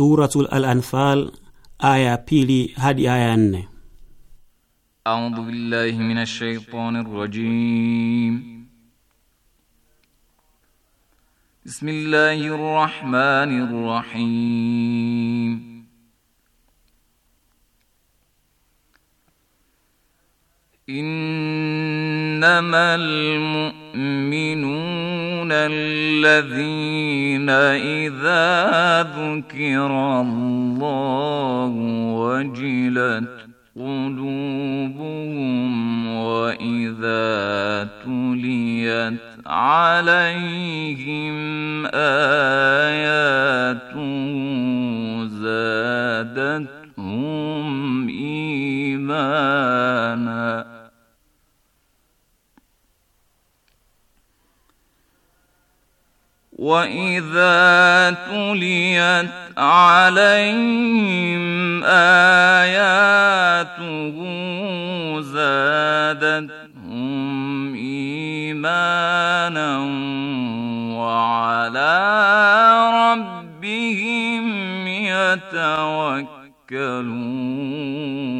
Suratul Al-Anfal aya pili hadi aya nne. A'udhu billahi minash shaitanir rajim. Bismillahir rahmanir rahim. إنما المؤمنون الذين إذا ذكروا ذكر الله وجلت قلوبهم وإذا تليت عليهم آيات زادتهم إيمانا وإذا تليت عليهم آياته زادتهم إيمانا وعلى ربهم يتوكلون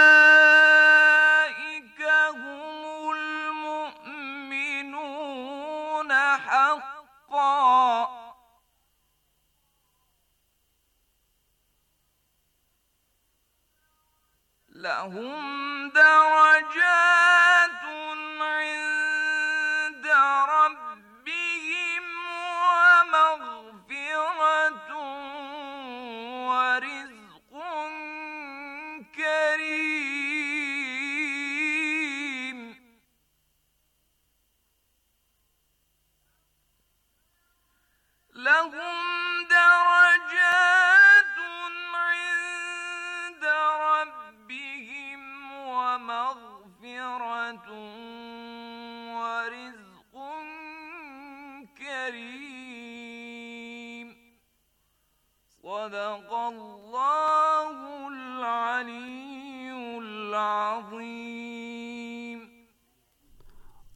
lahum darajat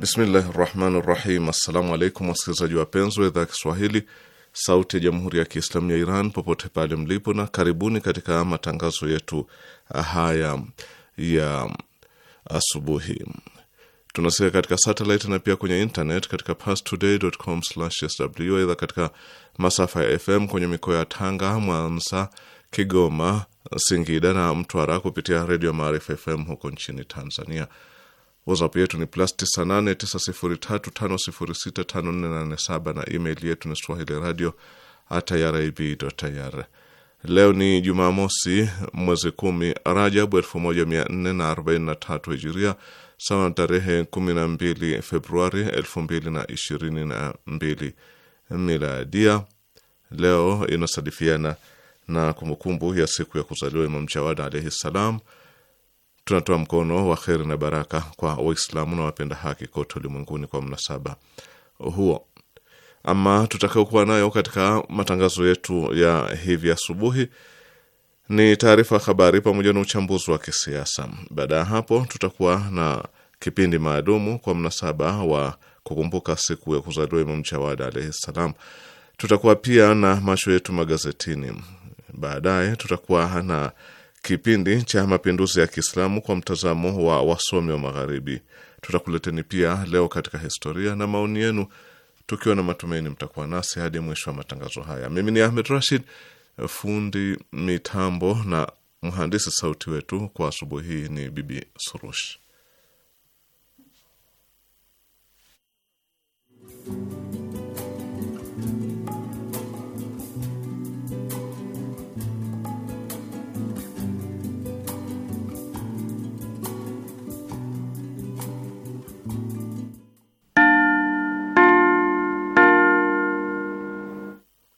Bismillahi rahmani rahim. Assalamu alaikum wasikilizaji wapenzi wa idhaa ya Kiswahili sauti ya jamhuri ya Kiislamu ya Iran popote pale mlipo, na karibuni katika matangazo yetu haya ya asubuhi. Tunasikia katika satelit na pia kwenye internet katika pastoday.com/sw. Aidha, katika masafa ya FM kwenye mikoa ya Tanga, Mwanza, Kigoma, Singida na Mtwara kupitia redio Maarifa FM huko nchini Tanzania. WhatsApp yetu ni plus 989035065487 na email yetu ni swahili radio irib.ir. Leo ni Jumamosi, mwezi kumi Rajabu 1443 Hijiria, sawa na tarehe 12 Februari 2022 Miladia. Leo inasadifiana na kumbukumbu ya siku ya kuzaliwa Imam Jawad alaihi ssalam Tunatoa mkono wa kheri na baraka kwa Waislamu na wapenda haki kote ulimwenguni kwa mnasaba huo. Ama tutakayokuwa nayo katika matangazo yetu ya hivi asubuhi ni taarifa habari pamoja na uchambuzi wa kisiasa. Baada ya hapo, tutakuwa na kipindi maalumu kwa mnasaba wa kukumbuka siku ya kuzaliwa Imam Jawad alaihi ssalam. Tutakuwa pia na macho yetu magazetini. Baadaye tutakuwa na kipindi cha mapinduzi ya Kiislamu kwa mtazamo wa wasomi wa Magharibi. Tutakuleteni pia leo katika historia na maoni yenu, tukiwa na matumaini mtakuwa nasi hadi mwisho wa matangazo haya. Mimi ni Ahmed Rashid, fundi mitambo na mhandisi sauti wetu kwa asubuhi hii ni Bibi Surush.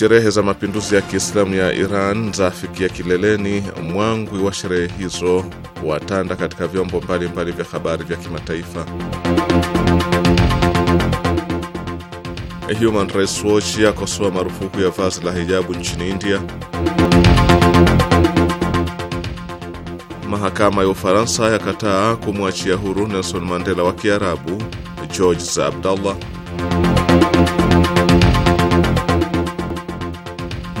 Sherehe za mapinduzi ya Kiislamu ya Iran zafikia kileleni. Mwangwi wa sherehe hizo watanda katika vyombo mbalimbali vya habari vya kimataifa. Human Rights Watch yakosoa marufuku ya vazi la hijabu nchini India. Mahakama ya Ufaransa yakataa kumwachia huru Nelson Mandela wa Kiarabu. George za Abdallah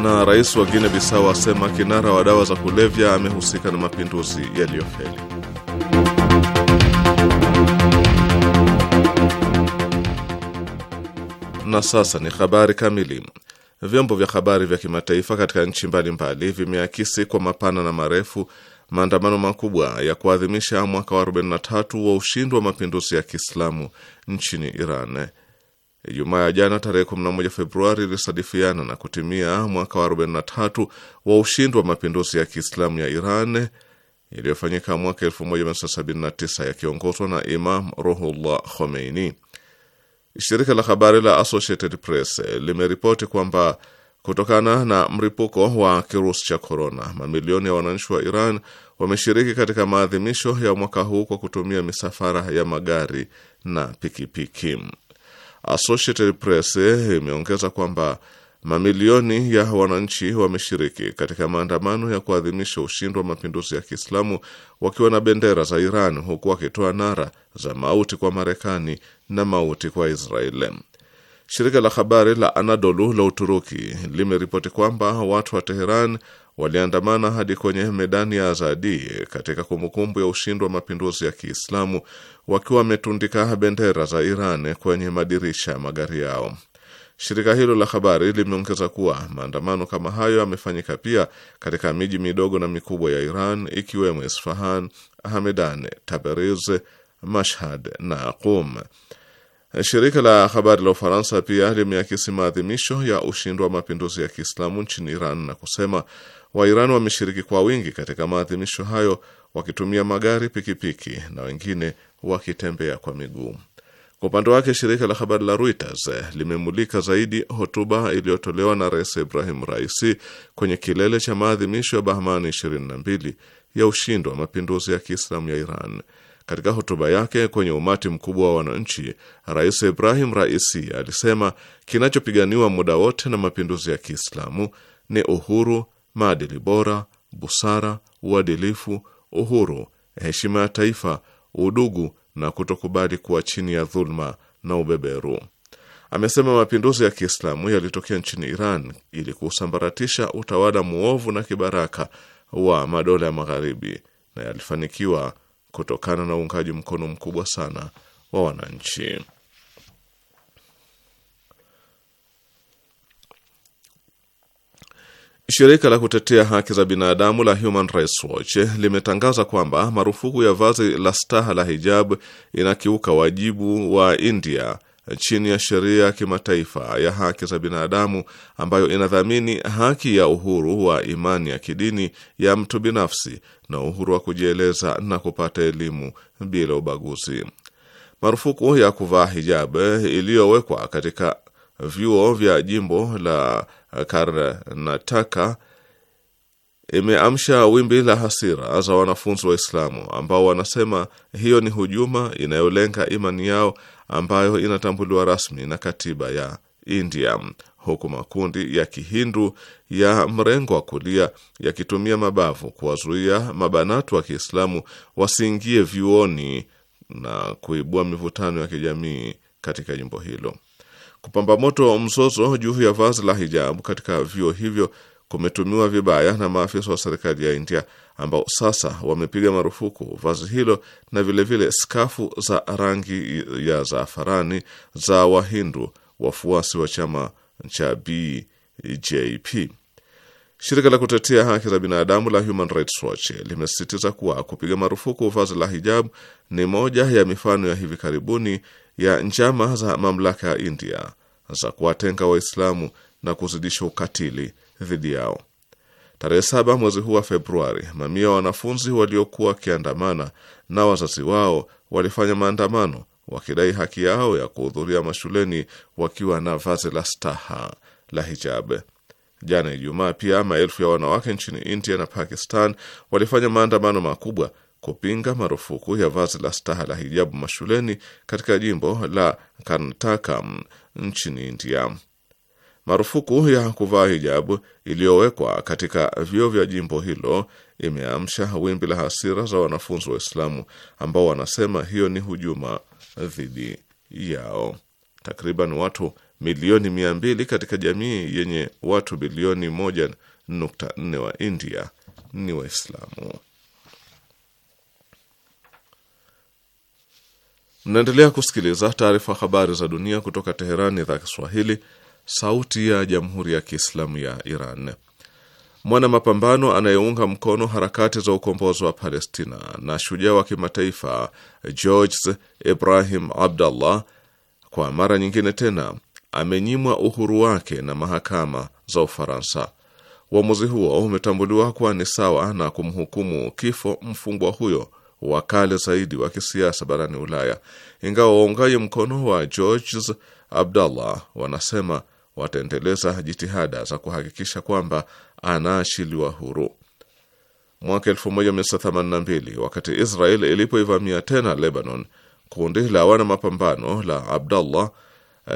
na rais wa Guinea Bissau asema kinara wa dawa za kulevya amehusika na mapinduzi yaliyofeli. Na sasa ni habari kamili. Vyombo vya habari vya kimataifa katika nchi mbalimbali vimeakisi kwa mapana na marefu maandamano makubwa ya kuadhimisha mwaka wa 43 wa ushindi wa mapinduzi ya Kiislamu nchini Iran Ijumaa ya jana tarehe 11 Februari ilisadifiana na kutimia mwaka wa 43 wa ushindi wa mapinduzi ya Kiislamu ya Iran iliyofanyika mwaka 1979 yakiongozwa na Imam Ruhullah Khomeini. Shirika la habari la Associated Press limeripoti kwamba kutokana na mripuko wa kirusi cha korona, mamilioni ya wananchi wa Iran wameshiriki katika maadhimisho ya mwaka huu kwa kutumia misafara ya magari na pikipiki piki. Associated Press eh, imeongeza kwamba mamilioni ya wananchi wameshiriki katika maandamano ya kuadhimisha ushindi wa mapinduzi ya Kiislamu wakiwa na bendera za Iran huku wakitoa nara za mauti kwa Marekani na mauti kwa Israeli. Shirika la habari la Anadolu la Uturuki limeripoti kwamba watu wa Teheran waliandamana hadi kwenye medani ya Azadi katika kumbukumbu ya ushindi wa mapinduzi ya Kiislamu wakiwa wametundika bendera za Iran kwenye madirisha ya magari yao. Shirika hilo la habari limeongeza kuwa maandamano kama hayo yamefanyika pia katika miji midogo na mikubwa ya Iran ikiwemo Isfahan, Hamedan, Taberiz, Mashhad na Qum. Shirika la habari la Ufaransa pia limeakisi maadhimisho ya ushindi wa mapinduzi ya Kiislamu nchini Iran na kusema wairan wameshiriki kwa wingi katika maadhimisho hayo wakitumia magari, pikipiki na wengine wakitembea kwa miguu. Kwa upande wake, shirika la habari la Reuters limemulika zaidi hotuba iliyotolewa na Rais Ibrahim Raisi kwenye kilele cha maadhimisho ya Bahmani 22 ya ushindi wa mapinduzi ya Kiislamu ya Iran katika hotuba yake kwenye umati mkubwa wa wananchi, Rais Ibrahim Raisi alisema kinachopiganiwa muda wote na mapinduzi ya Kiislamu ni uhuru, maadili bora, busara, uadilifu, uhuru, heshima ya taifa, udugu na kutokubali kuwa chini ya dhuluma na ubeberu. Amesema mapinduzi ya Kiislamu yalitokea nchini Iran ili kusambaratisha utawala muovu na kibaraka wa madola ya Magharibi na yalifanikiwa kutokana na uungaji mkono mkubwa sana wa wananchi. Shirika la kutetea haki za binadamu la Human Rights Watch limetangaza kwamba marufuku ya vazi la staha la hijab inakiuka wajibu wa India chini ya sheria ya kimataifa ya haki za binadamu ambayo inadhamini haki ya uhuru wa imani ya kidini ya mtu binafsi na uhuru wa kujieleza na kupata elimu bila ubaguzi. Marufuku ya kuvaa hijab iliyowekwa katika vyuo vya jimbo la Karnataka imeamsha wimbi la hasira za wanafunzi Waislamu ambao wanasema hiyo ni hujuma inayolenga imani yao ambayo inatambuliwa rasmi na katiba ya India, huku makundi ya Kihindu ya mrengo wa kulia yakitumia mabavu kuwazuia mabanatu wa Kiislamu wasiingie vyuoni na kuibua mivutano ya kijamii katika jimbo hilo. Kupamba moto mzozo juu ya vazi la hijabu katika vyuo hivyo kumetumiwa vibaya na maafisa wa serikali ya India ambao sasa wamepiga marufuku vazi hilo na vilevile vile skafu za rangi ya zafarani za Wahindu wafuasi wa chama cha BJP. Shirika la kutetea haki za binadamu la Human Rights Watch limesisitiza kuwa kupiga marufuku vazi la hijab ni moja ya mifano ya hivi karibuni ya njama za mamlaka ya India za kuwatenga Waislamu na kuzidisha ukatili dhidi yao. Tarehe saba mwezi huu wa Februari, mamia ya wanafunzi waliokuwa wakiandamana na wazazi wao walifanya maandamano wakidai haki yao ya kuhudhuria mashuleni wakiwa na vazi la staha la hijab. Jana Ijumaa pia maelfu ya wanawake nchini India na Pakistan walifanya maandamano makubwa kupinga marufuku ya vazi la staha la hijabu mashuleni katika jimbo la Karnataka nchini India. Marufuku ya kuvaa hijabu iliyowekwa katika vyuo vya jimbo hilo imeamsha wimbi la hasira za wanafunzi Waislamu ambao wanasema hiyo ni hujuma dhidi yao. Takriban watu milioni mia mbili katika jamii yenye watu bilioni moja nukta nne wa India ni Waislamu. Mnaendelea kusikiliza taarifa habari za dunia kutoka Teherani, idhaa Kiswahili, Sauti ya Jamhuri ya Kiislamu ya Iran. Mwana mapambano anayeunga mkono harakati za ukombozi wa Palestina na shujaa wa kimataifa George Ibrahim abdullah kwa mara nyingine tena amenyimwa uhuru wake na mahakama za Ufaransa. Uamuzi huo umetambuliwa kuwa ni sawa na kumhukumu kifo mfungwa huyo wa kale zaidi wa kisiasa barani Ulaya, ingawa waungaji mkono wa George Abdallah wanasema wataendeleza jitihada za kuhakikisha kwamba anaachiliwa huru. Mwaka 1982 wakati Israel ilipoivamia tena Lebanon, kundi la wana mapambano la Abdallah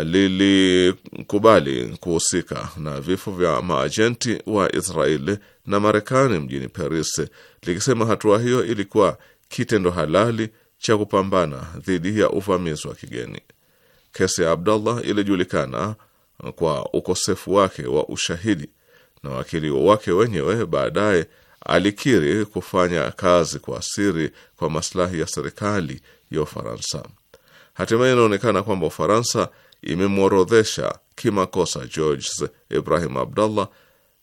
lilikubali kuhusika na vifo vya maajenti wa Israeli na Marekani mjini Paris, likisema hatua hiyo ilikuwa kitendo halali cha kupambana dhidi ya uvamizi wa kigeni. Kesi ya Abdallah ilijulikana kwa ukosefu wake wa ushahidi na wakili wake wenyewe baadaye alikiri kufanya kazi kwa siri kwa maslahi ya serikali ya Ufaransa. Hatimaye inaonekana kwamba Ufaransa imemworodhesha kimakosa George Ibrahim Abdallah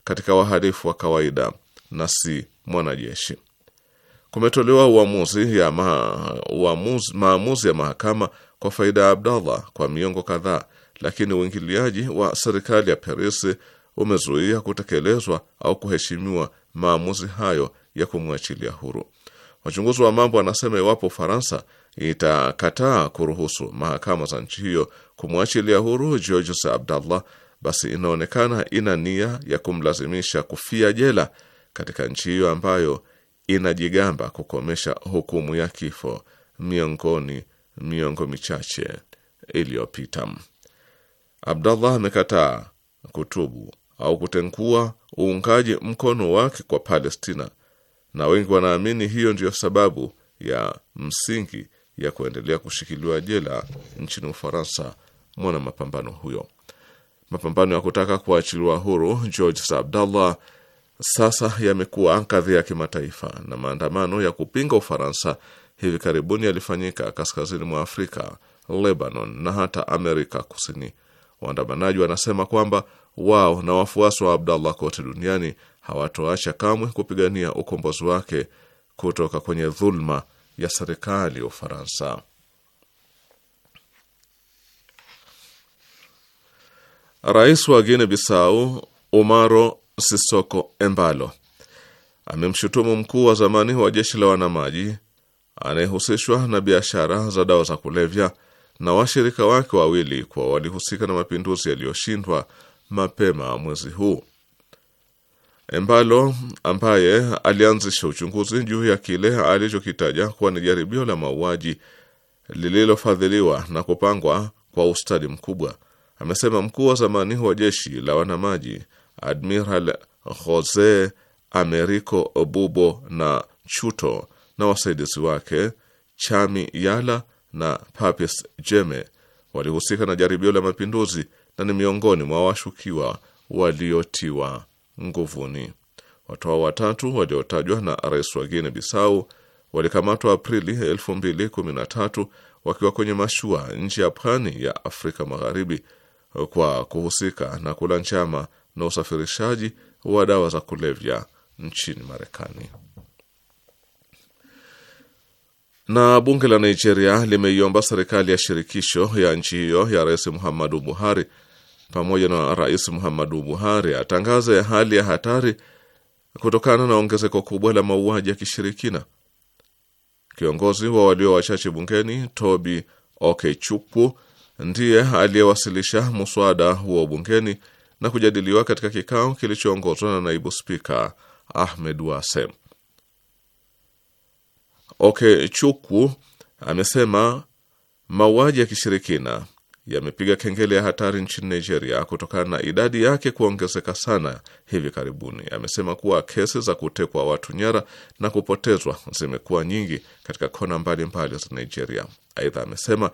katika wahalifu wa kawaida na si mwanajeshi. Kumetolewa uamuzi ya ma, uamuzi, maamuzi ya mahakama kwa faida ya Abdallah kwa miongo kadhaa, lakini uingiliaji wa serikali ya Paris umezuia kutekelezwa au kuheshimiwa maamuzi hayo ya kumwachilia huru. Wachunguzi wa mambo wanasema iwapo Ufaransa itakataa kuruhusu mahakama za nchi hiyo kumwachilia huru Georges Abdallah, basi inaonekana ina nia ya kumlazimisha kufia jela katika nchi hiyo ambayo inajigamba kukomesha hukumu ya kifo miongoni miongo michache iliyopita. Abdallah amekataa kutubu au kutengua uungaji mkono wake kwa Palestina, na wengi wanaamini hiyo ndiyo sababu ya msingi ya kuendelea kushikiliwa jela nchini Ufaransa mwana mapambano huyo. Mapambano ya kutaka kuachiliwa huru George Abdallah sasa yamekuwa kadhi ya kimataifa, na maandamano ya kupinga Ufaransa hivi karibuni yalifanyika kaskazini mwa Afrika, Lebanon na hata Amerika Kusini. Waandamanaji wanasema kwamba wao na wafuasi wa Abdallah kote duniani hawatoacha kamwe kupigania ukombozi wake kutoka kwenye dhulma ya serikali ya Ufaransa. Rais wa Guinea Bissau Umaro Sisoko Embalo amemshutumu mkuu wa zamani wa jeshi la wanamaji anayehusishwa na biashara za dawa za kulevya na washirika wake wawili kuwa walihusika na mapinduzi yaliyoshindwa mapema mwezi huu. Embalo ambaye alianzisha uchunguzi juu ya kile alichokitaja kuwa ni jaribio la mauaji lililofadhiliwa na kupangwa kwa ustadi mkubwa, amesema mkuu wa zamani wa jeshi la wanamaji Admiral Jose Americo Bubo na Chuto na wasaidizi wake Chami Yala na Papis Jeme walihusika na jaribio la mapinduzi na ni miongoni mwa washukiwa waliotiwa nguvuni. Watu hao watatu waliotajwa na rais wa Guinea Bissau walikamatwa Aprili 2013 wakiwa kwenye mashua nje ya pwani ya Afrika Magharibi kwa kuhusika na kula njama na usafirishaji wa dawa za kulevya nchini Marekani. Na bunge la Nigeria limeiomba serikali ya shirikisho ya nchi hiyo ya Rais Muhammadu Buhari pamoja na Rais Muhammadu Buhari atangaze hali ya hatari kutokana na ongezeko kubwa la mauaji ya kishirikina. Kiongozi wa walio wachache bungeni Tobi Okechukwu ndiye aliyewasilisha muswada huo bungeni na kujadiliwa katika kikao kilichoongozwa na naibu spika Ahmed Wasem. Okechukwu amesema mauaji ya kishirikina yamepiga kengele ya hatari nchini Nigeria kutokana na idadi yake kuongezeka sana hivi karibuni. Amesema kuwa kesi za kutekwa watu nyara na kupotezwa zimekuwa nyingi katika kona mbalimbali za Nigeria. Aidha, amesema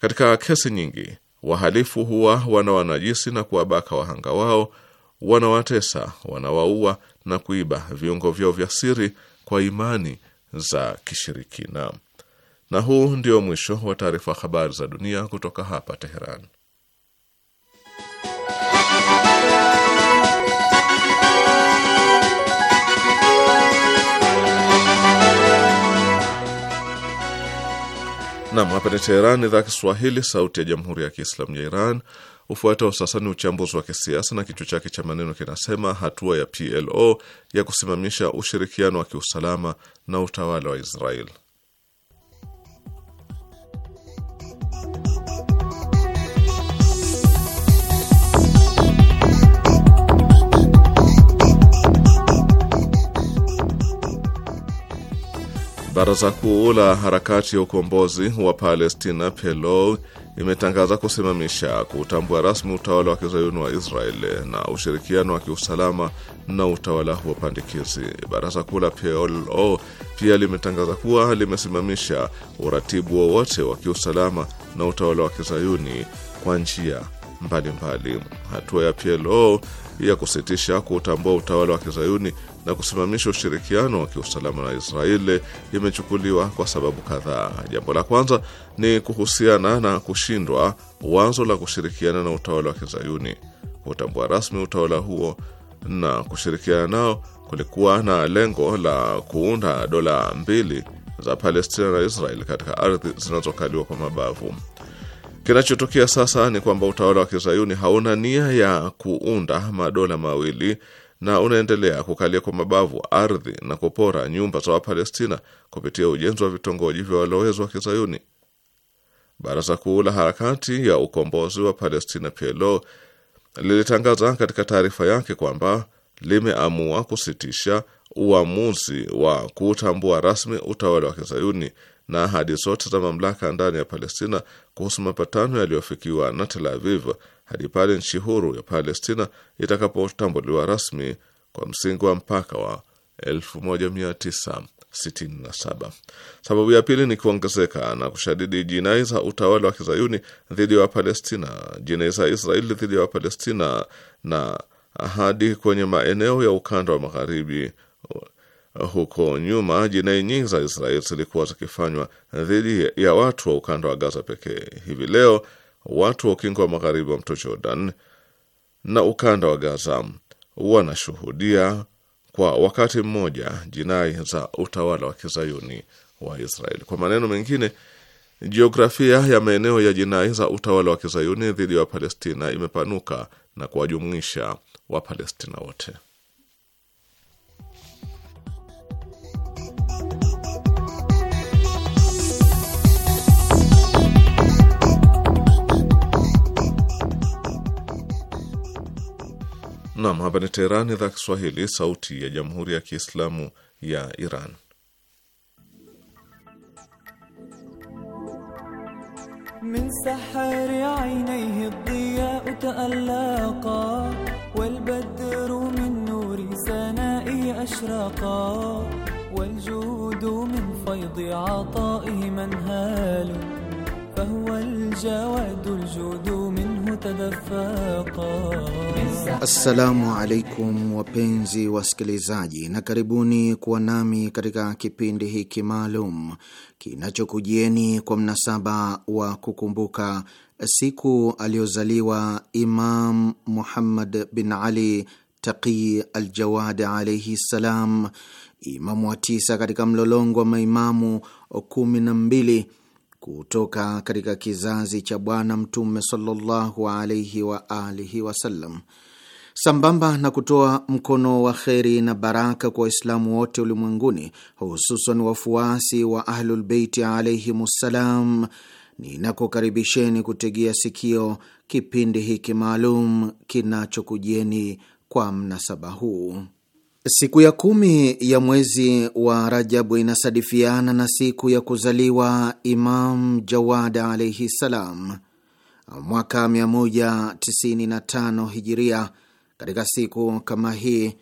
katika kesi nyingi wahalifu huwa wanawanajisi na kuwabaka wahanga wao, wanawatesa, wanawaua na kuiba viungo vyao vya siri kwa imani za kishirikina. Na huu ndio mwisho wa taarifa habari za dunia kutoka hapa Teheran. Nam, hapa ni Teheran, idhaa Kiswahili, sauti ya jamhuri ya kiislamu ya Iran. Ufuatao sasa ni uchambuzi wa kisiasa na kichwa chake cha maneno kinasema hatua ya PLO ya kusimamisha ushirikiano wa kiusalama na utawala wa Israeli. Baraza Kuu la Harakati ya Ukombozi wa Palestina PLO imetangaza kusimamisha kuutambua rasmi utawala wa kizayuni wa Israel na ushirikiano wa kiusalama na utawala huo pandikizi. Baraza Kuu la PLO pia limetangaza kuwa limesimamisha uratibu wowote wa, wa kiusalama na utawala wa kizayuni kwa njia mbalimbali. Hatua ya PLO ya kusitisha kutambua utawala wa kizayuni na kusimamisha ushirikiano wa kiusalama na Israeli imechukuliwa kwa sababu kadhaa. Jambo la kwanza ni kuhusiana na kushindwa wazo la kushirikiana na utawala wa kizayuni. Kutambua rasmi utawala huo na kushirikiana nao kulikuwa na lengo la kuunda dola mbili za Palestina na Israel katika ardhi zinazokaliwa kwa mabavu. Kinachotokea sasa ni kwamba utawala wa kizayuni hauna nia ya kuunda madola mawili na unaendelea kukalia kwa mabavu ardhi na kupora nyumba za Wapalestina kupitia ujenzi wa vitongoji vya walowezi wa Kizayuni. Baraza Kuu la Harakati ya Ukombozi wa Palestina PLO lilitangaza katika taarifa yake kwamba limeamua kusitisha uamuzi wa kutambua rasmi utawala wa Kizayuni na ahadi zote za mamlaka ndani ya Palestina kuhusu mapatano yaliyofikiwa na Tel Aviv hadi pale nchi huru ya Palestina itakapotambuliwa rasmi kwa msingi wa mpaka wa 1967. Sababu ya pili ni kuongezeka na kushadidi jinai za utawala wa kizayuni dhidi ya Wapalestina, jinai za Israeli dhidi ya Wapalestina na hadi kwenye maeneo ya ukanda wa magharibi. Huko nyuma jinai nyingi za Israeli zilikuwa zikifanywa dhidi ya watu wa ukanda wa Gaza pekee. Hivi leo watu wa ukingo wa magharibi wa mto Jordan na ukanda wa Gaza wanashuhudia kwa wakati mmoja jinai za utawala wa kizayuni wa Israeli. Kwa maneno mengine, jiografia ya maeneo ya jinai za utawala wa kizayuni dhidi ya Wapalestina imepanuka na kuwajumuisha Wapalestina wote. Nam, hapa ni Teherani, idhaa Kiswahili, sauti ya jamhuri ya kiislamu ya Iran. من سحر عينيه الضياء تألقا والبدر من نور سنائه أشرقا والجود من فيض عطائه منهال فهو الجواد الجود من Assalamu alaikum wapenzi wasikilizaji, na karibuni kuwa nami katika kipindi hiki maalum kinachokujieni kwa mnasaba wa kukumbuka siku aliyozaliwa Imam Muhammad bin Ali Taqi Aljawadi alaihi ssalam, imamu wa tisa katika mlolongo wa maimamu kumi na mbili kutoka katika kizazi cha Bwana Mtume sallallahu alaihi wa alihi wasallam, sambamba na kutoa mkono wa kheri na baraka kwa Waislamu wote ulimwenguni, hususan wafuasi wa Ahlulbeiti ssalam, Ninakukaribisheni kutegea sikio kipindi hiki maalum kinachokujieni kwa mnasaba huu. Siku ya kumi ya mwezi wa Rajabu inasadifiana na siku ya kuzaliwa Imam Jawad alaihi ssalam, mwaka 195 hijiria. Katika siku kama hii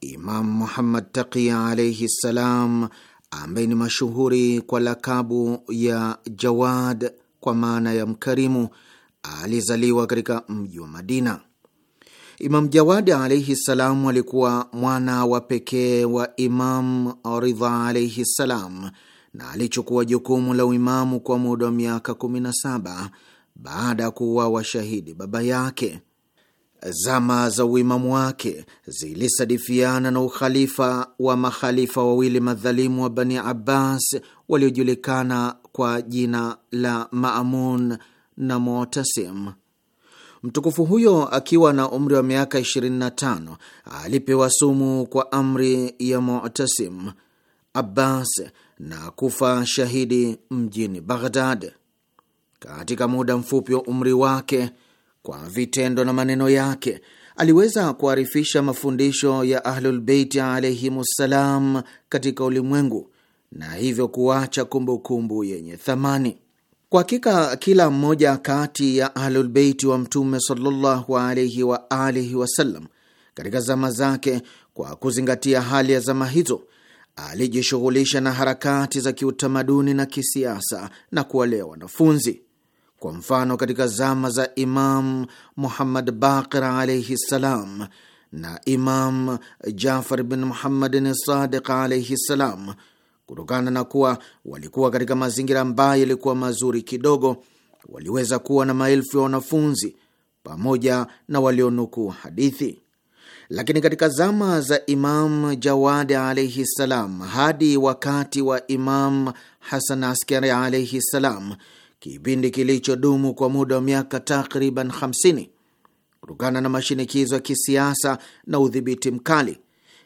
Imam Muhammad Taqi alaihi ssalam, ambaye ni mashuhuri kwa lakabu ya Jawad kwa maana ya mkarimu, alizaliwa katika mji wa Madina. Imam Jawadi alaihi ssalam alikuwa mwana wa pekee wa Imam Ridha alaihi ssalam na alichukua jukumu la uimamu kwa muda wa miaka 17 baada ya kuwa washahidi baba yake. Zama za uimamu wake zilisadifiana na ukhalifa wa makhalifa wawili madhalimu wa Bani Abbas waliojulikana kwa jina la Maamun na Motasim. Mtukufu huyo akiwa na umri wa miaka 25 alipewa sumu kwa amri ya Mutasim Abbas na kufa shahidi mjini Baghdad. Katika muda mfupi wa umri wake, kwa vitendo na maneno yake, aliweza kuarifisha mafundisho ya Ahlulbeiti alaihimussalam katika ulimwengu na hivyo kuacha kumbukumbu yenye thamani. Kwa hakika kila mmoja kati ya Ahlulbeiti wa Mtume sallallahu alaihi wa alihi wasallam katika zama zake, kwa kuzingatia hali ya zama hizo, alijishughulisha na harakati za kiutamaduni na kisiasa na kuwalea wanafunzi. Kwa mfano, katika zama za Imam Muhammad Baqir alaihi ssalam na Imam Jafar bin Muhammadin Sadiq alaihi ssalam Kutokana na kuwa walikuwa katika mazingira ambayo yalikuwa mazuri kidogo, waliweza kuwa na maelfu ya wanafunzi pamoja na walionukuu hadithi. Lakini katika zama za Imam Jawadi alaihi ssalam hadi wakati wa Imam Hasan Askari alaihi ssalam, kipindi kilichodumu kwa muda wa miaka takriban 50, kutokana na mashinikizo ya kisiasa na udhibiti mkali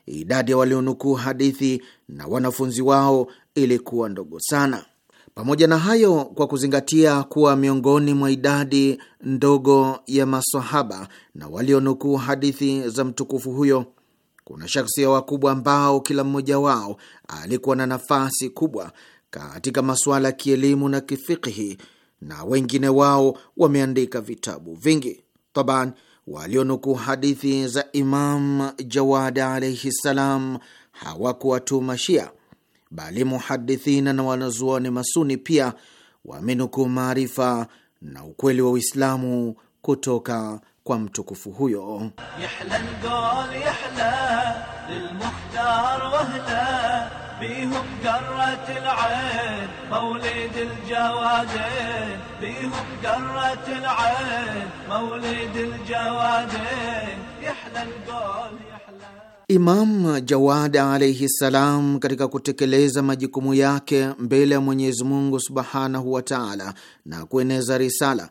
idadi ya walionukuu hadithi na wanafunzi wao ilikuwa ndogo sana. Pamoja na hayo, kwa kuzingatia kuwa miongoni mwa idadi ndogo ya masahaba na walionukuu hadithi za mtukufu huyo kuna ya wakubwa ambao kila mmoja wao alikuwa na nafasi kubwa katika masuala ya kielimu na kifikihi, na wengine wao wameandika vitabu vingi taban walionukuu hadithi za Imam Jawad alaihi ssalam hawakuwa tu Mashia, bali muhadithina na wanazuoni Masuni pia wamenukuu maarifa na ukweli wa Uislamu kutoka kwa mtukufu huyo. Yahla ngol, yahla, بيهم قرة العين مولد الجوادين بيهم قرة العين مولد الجوادين يحلى القول Imam Jawad alaihi salam katika kutekeleza majukumu yake mbele ya Mwenyezi Mungu subhanahu wa taala na kueneza risala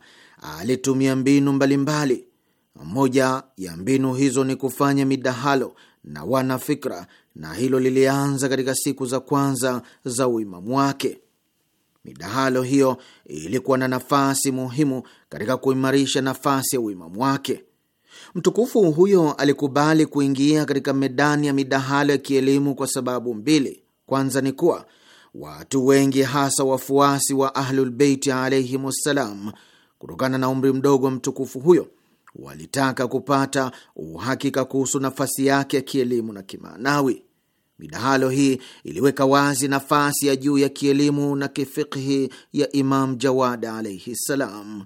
alitumia mbinu mbalimbali. Moja ya mbinu hizo ni kufanya midahalo na wanafikra na hilo lilianza katika siku za kwanza za uimamu wake. Midahalo hiyo ilikuwa na nafasi muhimu katika kuimarisha nafasi ya uimamu wake. Mtukufu huyo alikubali kuingia katika medani ya midahalo ya kielimu kwa sababu mbili. Kwanza ni kuwa watu wengi, hasa wafuasi wa Ahlulbeiti alaihim wassalam, kutokana na umri mdogo wa mtukufu huyo walitaka kupata uhakika kuhusu nafasi yake ya kielimu na kimaanawi. Midahalo hii iliweka wazi nafasi ya juu ya kielimu na kifikhi ya Imam Jawad alaihi ssalam.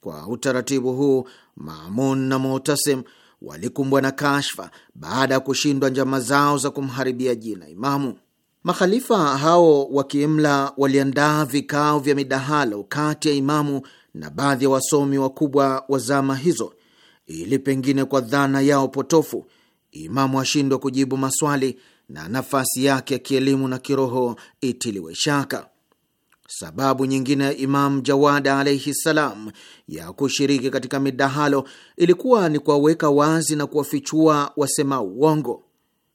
Kwa utaratibu huu, Mamun na Mutasim walikumbwa na kashfa baada ya kushindwa njama zao za kumharibia jina Imamu. Makhalifa hao wa kiimla waliandaa vikao vya midahalo kati ya Imamu na baadhi ya wasomi wakubwa wa zama hizo, ili pengine kwa dhana yao potofu Imamu ashindwa kujibu maswali na nafasi yake ya kielimu na kiroho itiliwe shaka. Sababu nyingine ya Imamu Jawada alaihi ssalam ya kushiriki katika midahalo ilikuwa ni kuwaweka wazi na kuwafichua wasema uongo.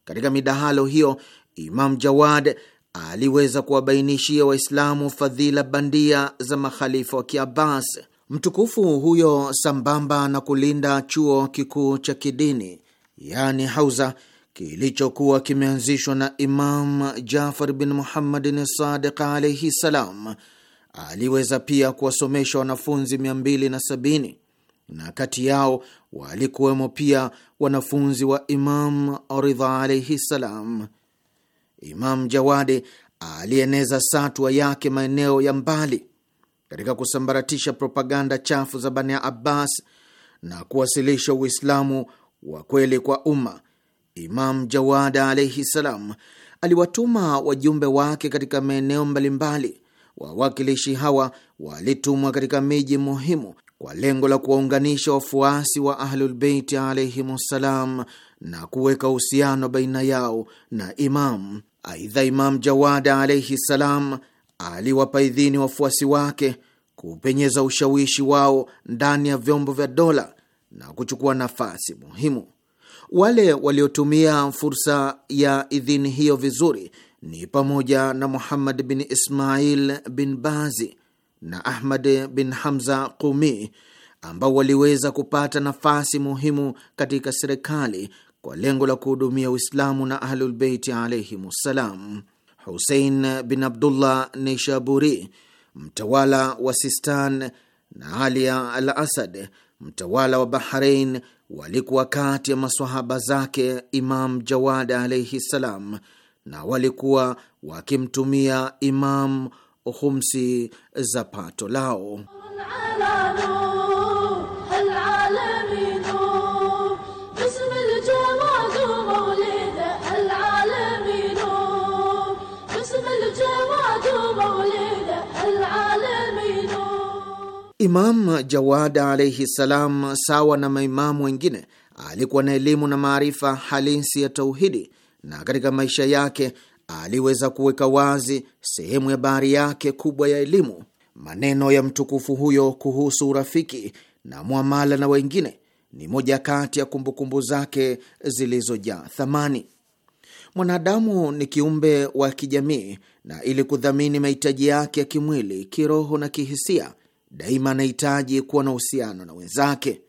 Katika midahalo hiyo Imamu Jawad aliweza kuwabainishia Waislamu fadhila bandia za makhalifa wa Kiabbas mtukufu huyo, sambamba na kulinda chuo kikuu cha kidini yani hauza kilichokuwa kimeanzishwa na Imam Jafar bin Muhammadin Sadiq alaihi salam, aliweza pia kuwasomesha wanafunzi 270 na kati yao walikuwemo pia wanafunzi wa Imam Ridha alaihi ssalam Imam Jawadi alieneza satwa yake maeneo ya mbali katika kusambaratisha propaganda chafu za Bani Abbas na kuwasilisha Uislamu wa kweli kwa umma. Imam Jawadi alaihi ssalam aliwatuma wajumbe wake katika maeneo mbalimbali. Wawakilishi hawa walitumwa katika miji muhimu kwa lengo la kuwaunganisha wafuasi wa Ahlulbeiti alaihimssalam ssalam na kuweka uhusiano baina yao na Imam. Aidha, Imam Jawada alaihi ssalam aliwapa idhini wafuasi wake kupenyeza ushawishi wao ndani ya vyombo vya dola na kuchukua nafasi muhimu. Wale waliotumia fursa ya idhini hiyo vizuri ni pamoja na Muhammad bin Ismail bin Bazi na Ahmad bin Hamza Qumi ambao waliweza kupata nafasi muhimu katika serikali kwa lengo la kuhudumia Uislamu na Ahlulbeiti ssalam Husein bin Abdullah Neishaburi, mtawala wa Sistan, na Alia al Asad, mtawala wa bahrein walikuwa kati ya maswahaba zake Imam Jawad alaihi ssalam, na walikuwa wakimtumia Imam humsi za pato lao Imam jawad alaihi salam sawa na maimamu wengine, alikuwa na elimu na maarifa halisi ya tauhidi, na katika maisha yake aliweza kuweka wazi sehemu ya bahari yake kubwa ya elimu. Maneno ya mtukufu huyo kuhusu urafiki na mwamala na wengine ni moja kati ya kumbukumbu zake zilizojaa thamani. Mwanadamu ni kiumbe wa kijamii, na ili kudhamini mahitaji yake ya kimwili, kiroho na kihisia daima anahitaji kuwa na uhusiano na wenzake.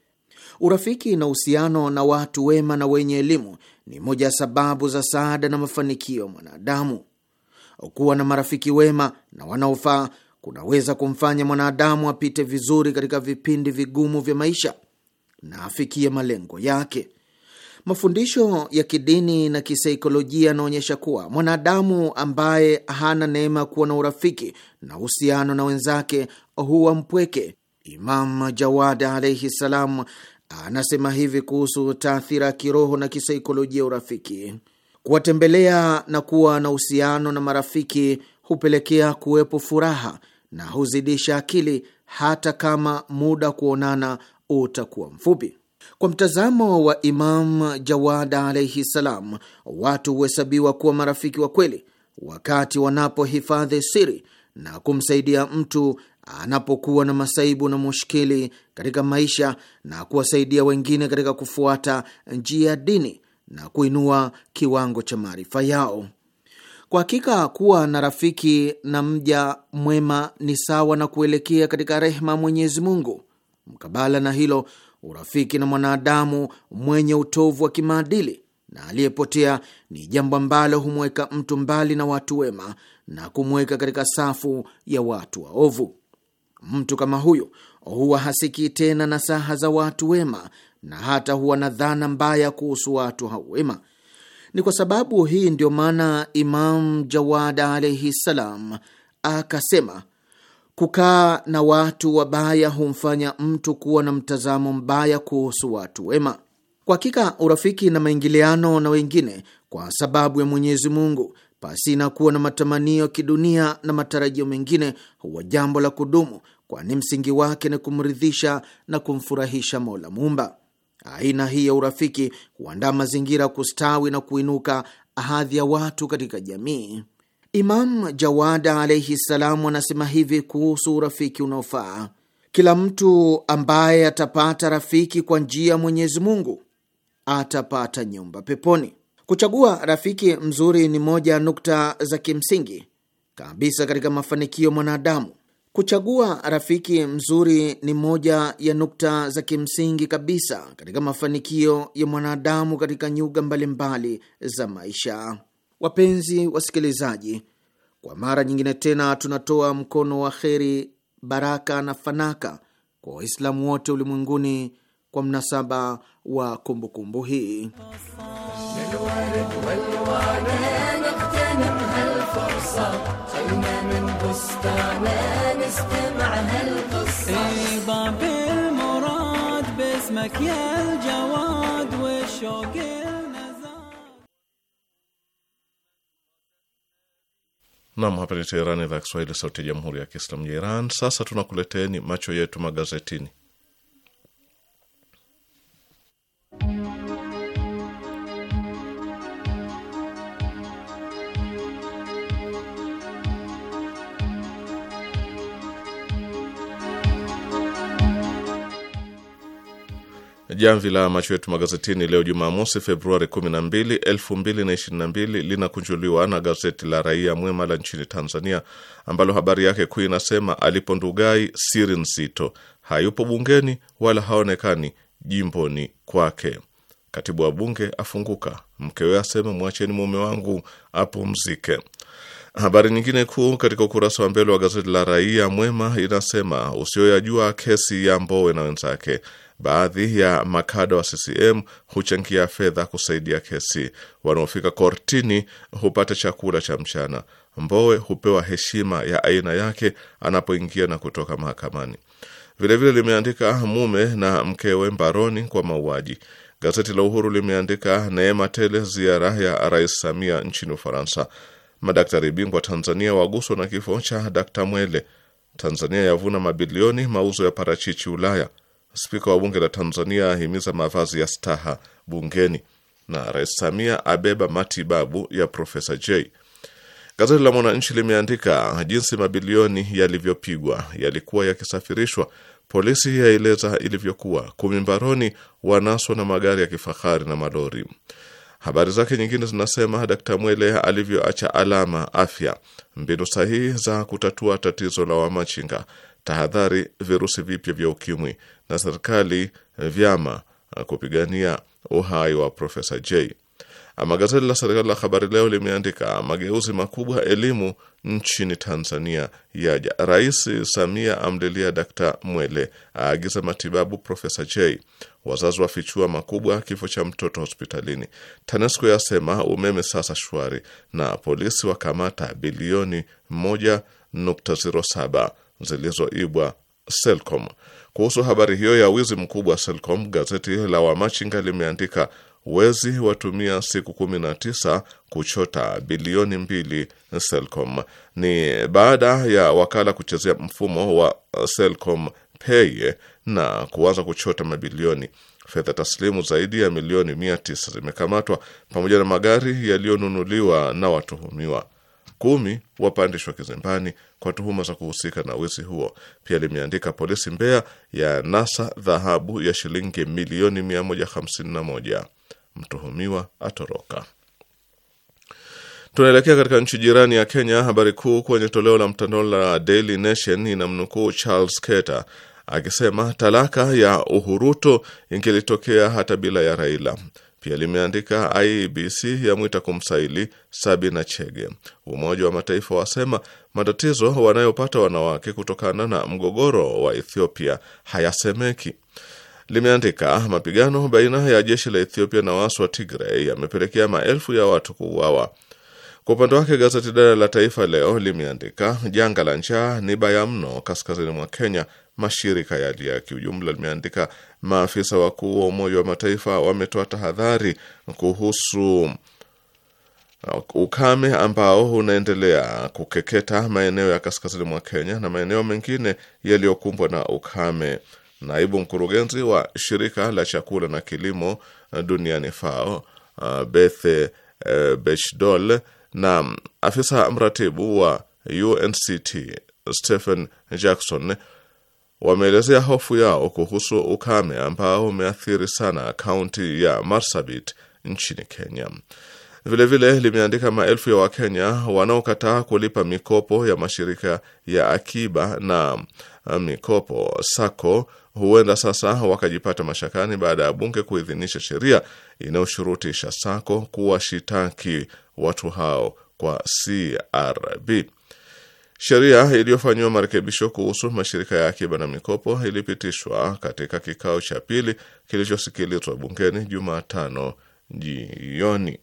Urafiki na uhusiano na watu wema na wenye elimu ni moja ya sababu za saada na mafanikio ya mwanadamu. Kuwa na marafiki wema na wanaofaa kunaweza kumfanya mwanadamu apite vizuri katika vipindi vigumu vya maisha na afikie malengo yake. Mafundisho ya kidini na kisaikolojia yanaonyesha kuwa mwanadamu ambaye hana neema kuwa na urafiki na uhusiano na wenzake huwa mpweke. Imam Jawad alaihi salam anasema hivi kuhusu taathira ya kiroho na kisaikolojia urafiki: kuwatembelea na kuwa na uhusiano na marafiki hupelekea kuwepo furaha na huzidisha akili, hata kama muda kuonana utakuwa mfupi. Kwa mtazamo wa Imam Jawad alaihi ssalam, watu huhesabiwa kuwa marafiki wa kweli wakati wanapohifadhi siri na kumsaidia mtu anapokuwa na masaibu na mushkili katika maisha na kuwasaidia wengine katika kufuata njia ya dini na kuinua kiwango cha maarifa yao. Kwa hakika kuwa na rafiki na mja mwema ni sawa na kuelekea katika rehma Mwenyezi Mungu. Mkabala na hilo, urafiki na mwanadamu mwenye utovu wa kimaadili na aliyepotea ni jambo ambalo humweka mtu mbali na watu wema na kumweka katika safu ya watu waovu. Mtu kama huyo huwa hasikii tena nasaha za watu wema na hata huwa na dhana mbaya kuhusu watu hao wema. Ni kwa sababu hii ndiyo maana Imam Jawad alaihi ssalam akasema Kukaa na watu wabaya humfanya mtu kuwa na mtazamo mbaya kuhusu watu wema. Kwa hakika urafiki na maingiliano na wengine kwa sababu ya Mwenyezi Mungu pasina kuwa na matamanio ya kidunia na matarajio mengine huwa jambo la kudumu, kwani msingi wake ni kumridhisha na kumfurahisha Mola Muumba. Aina hii ya urafiki huandaa mazingira kustawi na kuinuka ahadhi ya watu katika jamii. Imam Jawada alaihi ssalam anasema hivi kuhusu urafiki unaofaa: kila mtu ambaye atapata rafiki kwa njia ya Mwenyezi Mungu atapata nyumba peponi. Kuchagua rafiki mzuri ni moja ya nukta za kimsingi kabisa katika mafanikio mwanadamu. Kuchagua rafiki mzuri ni moja ya nukta za kimsingi kabisa katika mafanikio ya mwanadamu katika nyuga mbalimbali za maisha. Wapenzi wasikilizaji, kwa mara nyingine tena tunatoa mkono wa kheri, baraka na fanaka kwa Waislamu wote ulimwenguni kwa mnasaba wa kumbukumbu hii. Nam, hapa ni Teherani, idhaa ya Kiswahili, sauti ya jamhuri ya kiislamu ya Iran. Sasa tunakuleteni macho yetu magazetini. Jamvi la macho yetu magazetini leo Jumamosi, Februari 12, 2022 linakunjuliwa na gazeti la Raia Mwema la nchini Tanzania, ambalo habari yake kuu inasema alipo Ndugai siri nzito, hayupo bungeni wala haonekani jimboni kwake. Katibu wa bunge afunguka, mkewe asema mwacheni mume wangu apumzike. Habari nyingine kuu katika ukurasa wa mbele wa gazeti la Raia Mwema inasema usioyajua kesi ya Mbowe na wenzake Baadhi ya makada wa CCM huchangia fedha kusaidia kesi. Wanaofika kortini hupata chakula cha mchana. Mbowe hupewa heshima ya aina yake anapoingia na kutoka mahakamani. Vilevile limeandika mume na mkewe mbaroni kwa mauaji. Gazeti la Uhuru limeandika neema tele ziara ya Rais Samia nchini Ufaransa. Madaktari bingwa Tanzania waguswa na kifo cha Dkt Mwele. Tanzania yavuna mabilioni mauzo ya parachichi Ulaya. Spika wa bunge la Tanzania ahimiza mavazi ya staha bungeni, na Rais Samia abeba matibabu ya Profesa J. Gazeti la Mwananchi limeandika jinsi mabilioni yalivyopigwa yalikuwa yakisafirishwa, polisi yaeleza ilivyokuwa, kumi mbaroni, wanaswa na magari ya kifahari na malori. Habari zake nyingine zinasema Dkt Mwele alivyoacha alama afya, mbinu sahihi za kutatua tatizo la wamachinga tahadhari virusi vipya vya ukimwi na serikali eh, vyama eh, kupigania uhai wa Profesa J. Ama gazeti la serikali la Habari Leo limeandika mageuzi makubwa elimu nchini Tanzania yaja. Rais Samia amlilia Dkt Mwele aagiza matibabu Profesa J. Wazazi wafichua makubwa kifo cha mtoto hospitalini. TANESCO yasema umeme sasa shwari, na polisi wakamata bilioni 1.07 zilizoibwa Selcom. Kuhusu habari hiyo ya wizi mkubwa Selcom, gazeti la Wamachinga limeandika wezi watumia siku kumi na tisa kuchota bilioni mbili Selcom. Ni baada ya wakala kuchezea mfumo wa Selcom Pay na kuanza kuchota mabilioni. Fedha taslimu zaidi ya milioni mia tisa zimekamatwa pamoja na magari yaliyonunuliwa na watuhumiwa kumi wapandishwa kizimbani kwa tuhuma za kuhusika na wizi huo. Pia limeandika polisi Mbeya ya nasa dhahabu ya shilingi milioni 151, mtuhumiwa atoroka. Tunaelekea katika nchi jirani ya Kenya. Habari kuu kwenye toleo la mtandao la Daily Nation inamnukuu Charles Keter akisema talaka ya Uhuruto ingelitokea hata bila ya Raila. Pia limeandika IEBC yamwita kumsaili Sabina Chege. Umoja wa Mataifa wasema matatizo wanayopata wanawake kutokana na mgogoro wa Ethiopia hayasemeki. Limeandika mapigano baina ya jeshi la Ethiopia na waasi wa Tigray yamepelekea maelfu ya watu kuuawa. Kwa upande wake gazeti dada la Taifa Leo limeandika janga la njaa ni baya mno kaskazini mwa Kenya, mashirika yaliya. Kiujumla limeandika maafisa wakuu wa Umoja wa Mataifa wametoa tahadhari kuhusu uh, ukame ambao unaendelea kukeketa maeneo ya kaskazini mwa Kenya na maeneo mengine yaliyokumbwa na ukame. Naibu mkurugenzi wa shirika la chakula na kilimo uh, duniani FAO, uh, Beth Bechdol na um, afisa mratibu wa UNCT Stephen Jackson wameelezea hofu yao kuhusu ukame ambao umeathiri sana kaunti ya Marsabit nchini Kenya. Vilevile vile, limeandika maelfu ya Wakenya wanaokataa kulipa mikopo ya mashirika ya akiba na uh, mikopo sako huenda sasa wakajipata mashakani baada ya bunge kuidhinisha sheria inayoshurutisha sako kuwashitaki watu hao kwa CRB. Sheria iliyofanyiwa marekebisho kuhusu mashirika ya akiba na mikopo ilipitishwa katika kikao cha pili kilichosikilizwa bungeni Jumatano jioni.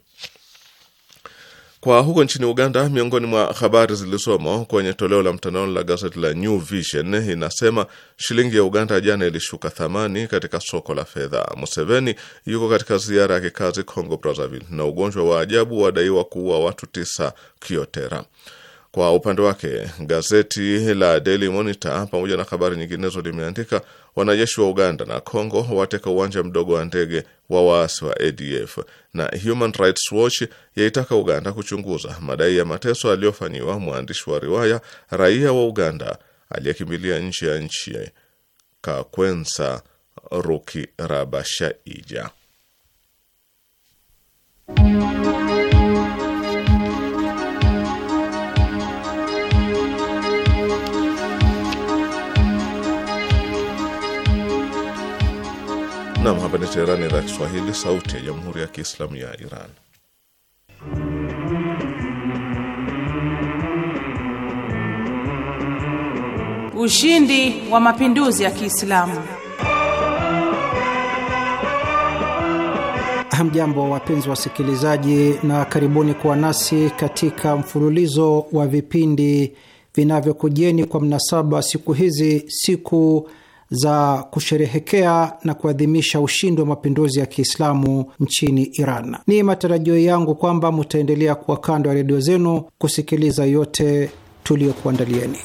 Kwa huko nchini Uganda, miongoni mwa habari zilizomo kwenye toleo la mtandaoni la gazeti la New Vision inasema shilingi ya Uganda jana ilishuka thamani katika soko la fedha. Museveni yuko katika ziara ya kikazi Congo Brazzaville, na ugonjwa wa ajabu wadaiwa kuua watu tisa Kiotera. Kwa upande wake gazeti la Daily Monitor pamoja na habari nyinginezo limeandika wanajeshi wa Uganda na Congo wateka uwanja mdogo wa ndege wa waasi wa ADF, na Human Rights Watch yaitaka Uganda kuchunguza madai ya mateso aliyofanyiwa mwandishi wa riwaya raia wa Uganda aliyekimbilia nchi ya nchi Kakwensa Rukirabashaija. Nam, hapa ni Teherani, idhaa Kiswahili, sauti ya jamhuri ya kiislamu ya Iran. Ushindi wa mapinduzi ya Kiislamu. Hamjambo, wapenzi wasikilizaji, na karibuni kuwa nasi katika mfululizo wa vipindi vinavyokujieni kwa mnasaba siku hizi, siku za kusherehekea na kuadhimisha ushindi wa mapinduzi ya Kiislamu nchini Iran. Ni matarajio yangu kwamba mutaendelea kuwa kando ya redio zenu kusikiliza yote tuliyokuandalieni.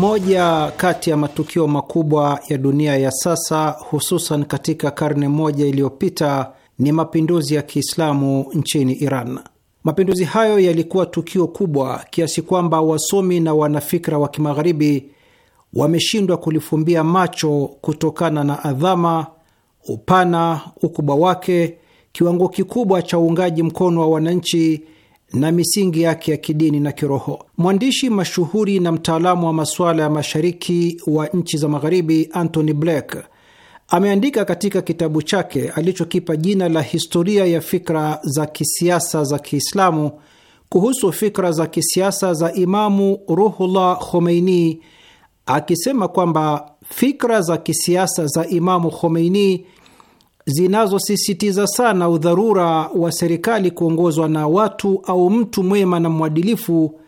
Moja kati ya matukio makubwa ya dunia ya sasa, hususan katika karne moja iliyopita, ni mapinduzi ya Kiislamu nchini Iran. Mapinduzi hayo yalikuwa tukio kubwa kiasi kwamba wasomi na wanafikra wa kimagharibi wameshindwa kulifumbia macho kutokana na adhama, upana, ukubwa wake, kiwango kikubwa cha uungaji mkono wa wananchi na misingi yake ya kidini na kiroho. Mwandishi mashuhuri na mtaalamu wa masuala ya mashariki wa nchi za magharibi Anthony Black ameandika katika kitabu chake alichokipa jina la Historia ya Fikra za Kisiasa za Kiislamu kuhusu fikra za kisiasa za Imamu Ruhullah Khomeini, akisema kwamba fikra za kisiasa za Imamu Khomeini zinazosisitiza sana udharura wa serikali kuongozwa na watu au mtu mwema na mwadilifu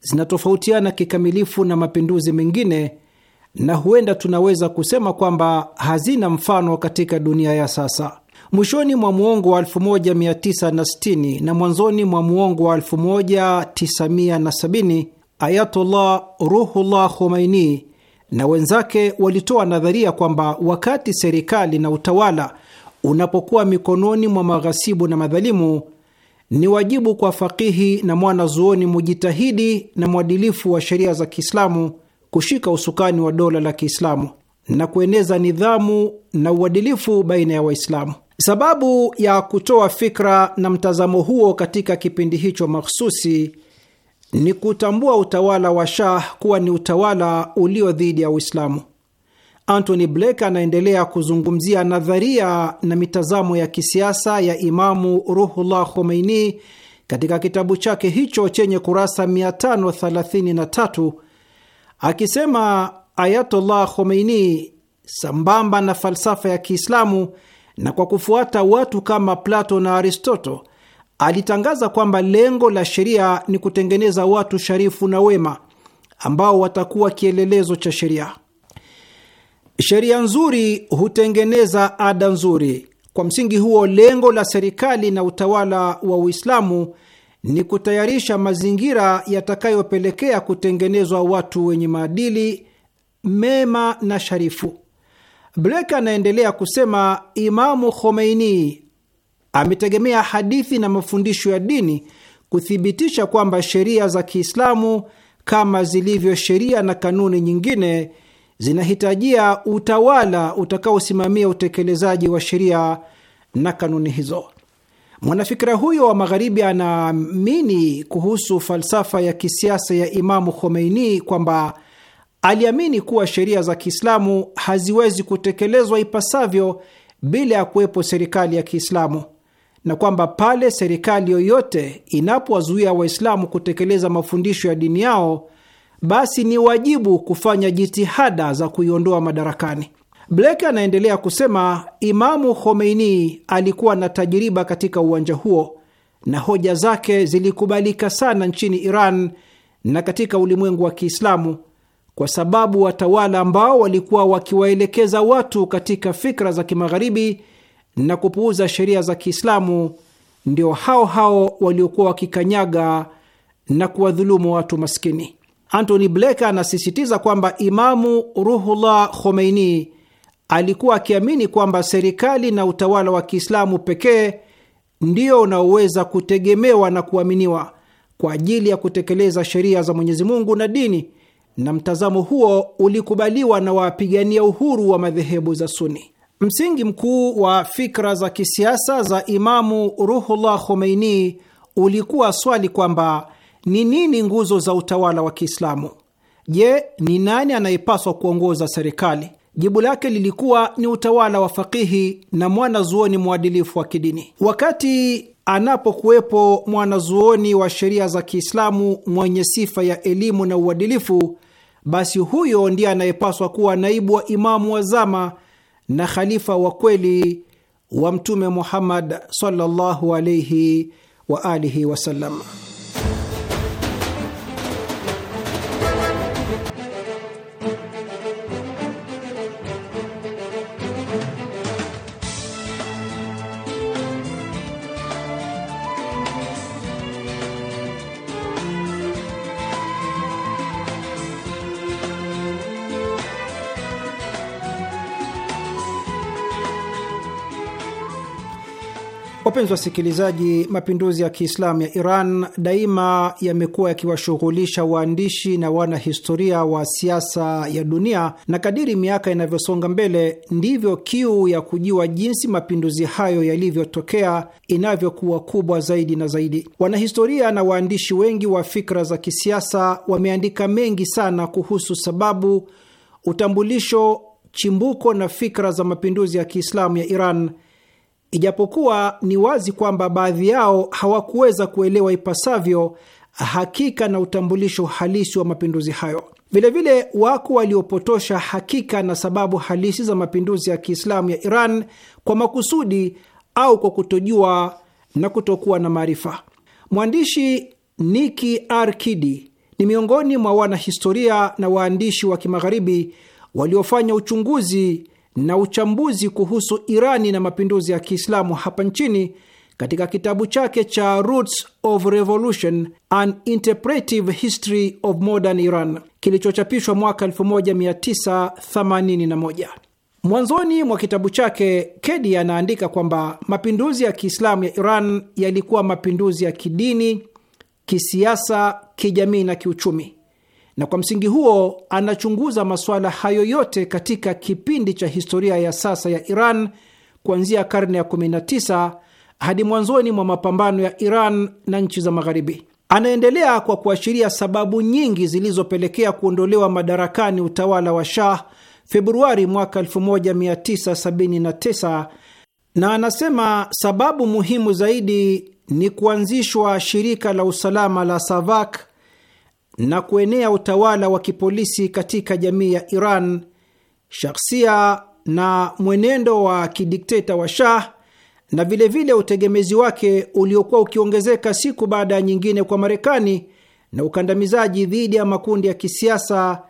zinatofautiana kikamilifu na mapinduzi mengine, na huenda tunaweza kusema kwamba hazina mfano katika dunia ya sasa. Mwishoni mwa muongo wa 1960 na mwanzoni mwa muongo wa 1970 Ayatollah Ruhullah Khomeini na wenzake walitoa nadharia kwamba wakati serikali na utawala unapokuwa mikononi mwa maghasibu na madhalimu, ni wajibu kwa fakihi na mwanazuoni mujitahidi na mwadilifu wa sheria za Kiislamu kushika usukani wa dola la Kiislamu na kueneza nidhamu na uadilifu baina ya Waislamu. Sababu ya kutoa fikra na mtazamo huo katika kipindi hicho mahsusi ni kutambua utawala wa Shah kuwa ni utawala ulio dhidi ya Uislamu. Anthony Blake anaendelea kuzungumzia nadharia na mitazamo ya kisiasa ya Imamu Ruhullah Khomeini katika kitabu chake hicho chenye kurasa 533 akisema, Ayatollah Khomeini sambamba na falsafa ya Kiislamu na kwa kufuata watu kama Plato na Aristoto alitangaza kwamba lengo la sheria ni kutengeneza watu sharifu na wema ambao watakuwa kielelezo cha sheria. Sheria nzuri hutengeneza ada nzuri. Kwa msingi huo, lengo la serikali na utawala wa Uislamu ni kutayarisha mazingira yatakayopelekea kutengenezwa watu wenye maadili mema na sharifu. Blake anaendelea kusema, Imamu Khomeini ametegemea hadithi na mafundisho ya dini kuthibitisha kwamba sheria za Kiislamu kama zilivyo sheria na kanuni nyingine zinahitajia utawala utakaosimamia utekelezaji wa sheria na kanuni hizo. Mwanafikira huyo wa Magharibi anaamini kuhusu falsafa ya kisiasa ya Imamu Khomeini kwamba aliamini kuwa sheria za Kiislamu haziwezi kutekelezwa ipasavyo bila ya kuwepo serikali ya Kiislamu na kwamba pale serikali yoyote inapowazuia Waislamu kutekeleza mafundisho ya dini yao basi ni wajibu kufanya jitihada za kuiondoa madarakani. Blake anaendelea kusema, Imamu Khomeini alikuwa na tajiriba katika uwanja huo na hoja zake zilikubalika sana nchini Iran na katika ulimwengu wa Kiislamu kwa sababu watawala ambao walikuwa wakiwaelekeza watu katika fikra za kimagharibi na kupuuza sheria za Kiislamu ndio hao hao waliokuwa wakikanyaga na kuwadhulumu watu maskini. Anthony Blake anasisitiza kwamba Imamu Ruhullah Khomeini alikuwa akiamini kwamba serikali na utawala wa Kiislamu pekee ndio unaoweza kutegemewa na kuaminiwa kwa ajili ya kutekeleza sheria za Mwenyezi Mungu na dini, na mtazamo huo ulikubaliwa na wapigania uhuru wa madhehebu za Suni. Msingi mkuu wa fikra za kisiasa za Imamu Ruhullah Khomeini ulikuwa swali kwamba ni nini nguzo za utawala wa Kiislamu? Je, ni nani anayepaswa kuongoza serikali? Jibu lake lilikuwa ni utawala wa fakihi na mwanazuoni mwadilifu wa kidini. Wakati anapokuwepo mwanazuoni wa sheria za Kiislamu mwenye sifa ya elimu na uadilifu, basi huyo ndiye anayepaswa kuwa naibu wa imamu wa zama na khalifa wa kweli wa Mtume Muhammad sallallahu alaihi wa alihi wasallam. Wapenzi wasikilizaji, mapinduzi ya Kiislamu ya Iran daima yamekuwa yakiwashughulisha waandishi na wanahistoria wa siasa ya dunia, na kadiri miaka inavyosonga mbele ndivyo kiu ya kujua jinsi mapinduzi hayo yalivyotokea inavyokuwa kubwa zaidi na zaidi. Wanahistoria na waandishi wengi wa fikra za kisiasa wameandika mengi sana kuhusu sababu, utambulisho, chimbuko na fikra za mapinduzi ya Kiislamu ya Iran Ijapokuwa ni wazi kwamba baadhi yao hawakuweza kuelewa ipasavyo hakika na utambulisho halisi wa mapinduzi hayo. Vilevile wako waliopotosha hakika na sababu halisi za mapinduzi ya Kiislamu ya Iran kwa makusudi au kwa kutojua na kutokuwa na maarifa. Mwandishi Niki Kidi ni miongoni mwa wanahistoria na waandishi wa Kimagharibi waliofanya uchunguzi na uchambuzi kuhusu Irani na mapinduzi ya Kiislamu hapa nchini katika kitabu chake cha Roots of Revolution An Interpretive History of Modern Iran kilichochapishwa mwaka 1981. Mwanzoni mwa kitabu chake Kedi anaandika kwamba mapinduzi ya Kiislamu ya Iran yalikuwa mapinduzi ya kidini, kisiasa, kijamii na kiuchumi na kwa msingi huo anachunguza masuala hayo yote katika kipindi cha historia ya sasa ya Iran kuanzia karne ya 19 hadi mwanzoni mwa mapambano ya Iran na nchi za Magharibi. Anaendelea kwa kuashiria sababu nyingi zilizopelekea kuondolewa madarakani utawala wa Shah Februari mwaka 1979 na anasema sababu muhimu zaidi ni kuanzishwa shirika la usalama la SAVAK na kuenea utawala wa kipolisi katika jamii ya Iran, shakhsia na mwenendo wa kidikteta wa Shah na vilevile utegemezi wake uliokuwa ukiongezeka siku baada ya nyingine kwa Marekani na ukandamizaji dhidi ya makundi ya kisiasa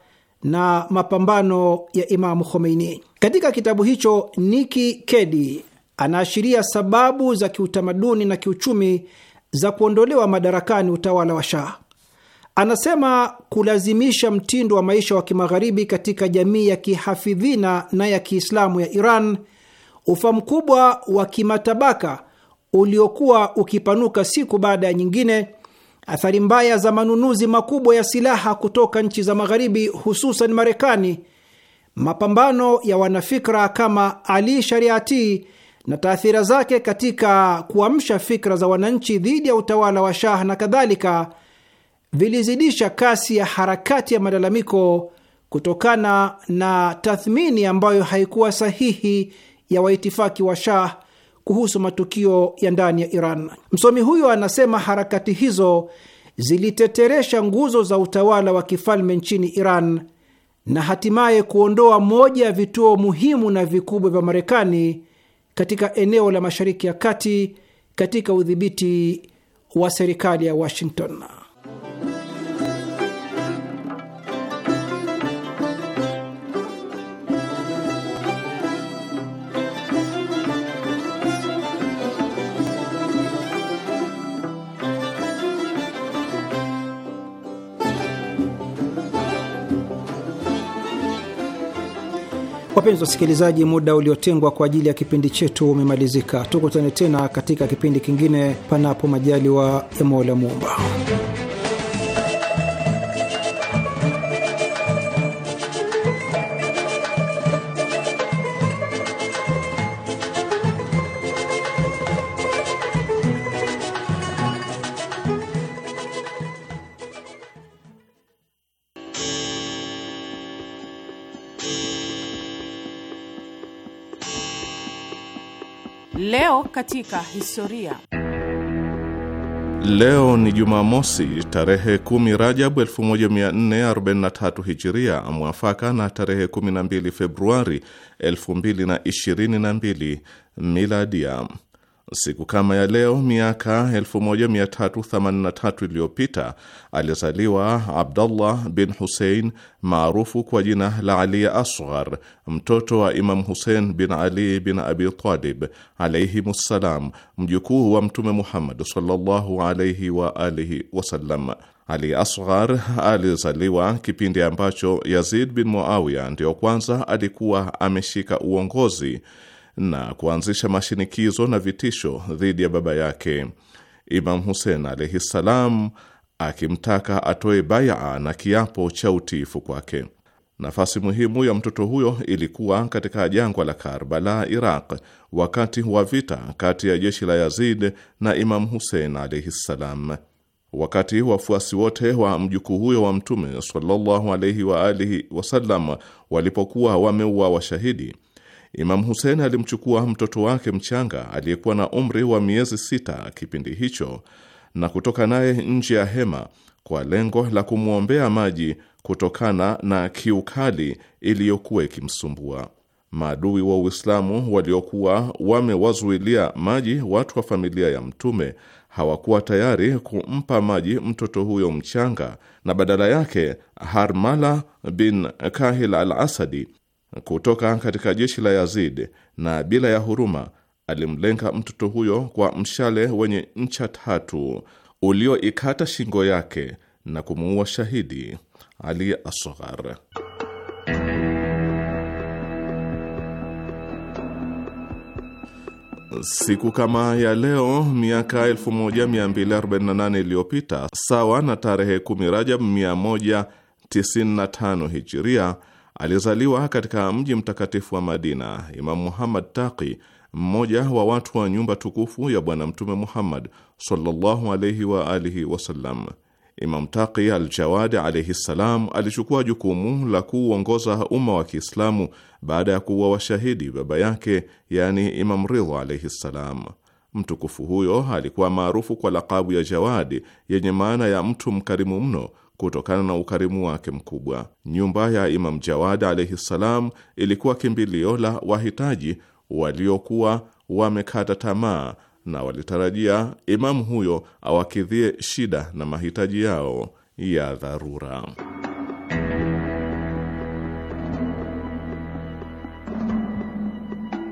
na mapambano ya Imamu Khomeini. Katika kitabu hicho, Niki Kedi anaashiria sababu za kiutamaduni na kiuchumi za kuondolewa madarakani utawala wa Shah. Anasema kulazimisha mtindo wa maisha wa kimagharibi katika jamii ya kihafidhina na ya Kiislamu ya Iran, ufa mkubwa wa kimatabaka uliokuwa ukipanuka siku baada ya nyingine, athari mbaya za manunuzi makubwa ya silaha kutoka nchi za Magharibi, hususan Marekani, mapambano ya wanafikra kama Ali Shariati na taathira zake katika kuamsha fikra za wananchi dhidi ya utawala wa Shah na kadhalika vilizidisha kasi ya harakati ya malalamiko kutokana na tathmini ambayo haikuwa sahihi ya waitifaki wa Shah kuhusu matukio ya ndani ya Iran. Msomi huyo anasema harakati hizo ziliteteresha nguzo za utawala wa kifalme nchini Iran na hatimaye kuondoa moja ya vituo muhimu na vikubwa vya Marekani katika eneo la Mashariki ya Kati katika udhibiti wa serikali ya Washington. Wapenzi wasikilizaji, muda uliotengwa kwa ajili ya kipindi chetu umemalizika. Tukutane tena katika kipindi kingine, panapo majaliwa ya Mola Muumba. Leo katika historia. Leo ni Jumamosi tarehe 10 Rajab 1443 Hijiria, mwafaka na tarehe 12 Februari 2022 Miladia. Siku kama ya leo miaka 1383 iliyopita alizaliwa abdullah bin Husein maarufu kwa jina la Ali Asghar, mtoto wa Imam Husein bin Ali bin Abi Talib ssalam, mjukuu wa Mtume Muhammad sallallahu alaihi wa alihi wasallam. Ali Asghar alizaliwa kipindi ambacho Yazid bin Muawiya ndiyo kwanza alikuwa ameshika uongozi na kuanzisha mashinikizo na vitisho dhidi ya baba yake Imam Husein alaihi ssalam, akimtaka atoe baia na kiapo cha utiifu kwake. Nafasi muhimu ya mtoto huyo ilikuwa katika jangwa la Karbala, Iraq, wakati wa vita kati ya jeshi la Yazid na Imam Husein alaihi ssalam. Wakati wafuasi wote wa mjukuu huyo wa Mtume sallallahu alaihi wa alihi wasallam walipokuwa wameua washahidi Imam Husein alimchukua mtoto wake mchanga aliyekuwa na umri wa miezi sita kipindi hicho na kutoka naye nje ya hema kwa lengo la kumwombea maji kutokana na kiukali iliyokuwa ikimsumbua. Maadui wa Uislamu waliokuwa wamewazuilia maji watu wa familia ya Mtume hawakuwa tayari kumpa maji mtoto huyo mchanga, na badala yake Harmala bin Kahil al Asadi kutoka katika jeshi la Yazid, na bila ya huruma alimlenga mtoto huyo kwa mshale wenye ncha tatu ulioikata shingo yake na kumuua shahidi Ali Asghar. Siku kama ya leo miaka 1248 iliyopita, sawa na tarehe 10 Rajab 195 Hijiria, Alizaliwa katika mji mtakatifu wa Madina. Imamu Muhammad Taqi, mmoja wa watu wa nyumba tukufu ya Bwana Mtume Muhammad sallallahu alayhi wa alihi wasallam. Imam Taqi al-Jawad alayhi ssalam alichukua jukumu la kuuongoza umma wa Kiislamu baada ya kuwa washahidi baba yake, yani Imam Ridha alayhi salam. Mtukufu huyo alikuwa maarufu kwa lakabu ya Jawadi yenye maana ya mtu mkarimu mno kutokana na ukarimu wake mkubwa. Nyumba ya Imam Jawad alaihi ssalam ilikuwa kimbilio la wahitaji waliokuwa wamekata tamaa na walitarajia imamu huyo awakidhie shida na mahitaji yao ya dharura.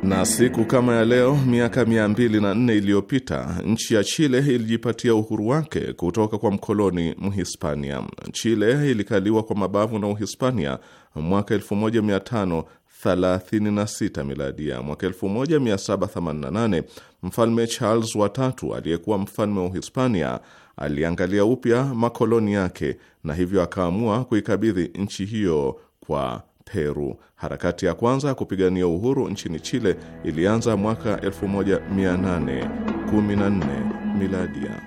Na siku kama ya leo miaka nne iliyopita nchi ya Chile ilijipatia uhuru wake kutoka kwa mkoloni Mhispania. Chile ilikaliwa kwa mabavu na Uhispania mwaka 1536 miladia. Mwaka 1788 mfalme Charles watatu aliyekuwa mfalme wa Uhispania aliangalia upya makoloni yake na hivyo akaamua kuikabidhi nchi hiyo kwa Peru. Harakati ya kwanza ya kupigania uhuru nchini Chile ilianza mwaka 1814 miladia.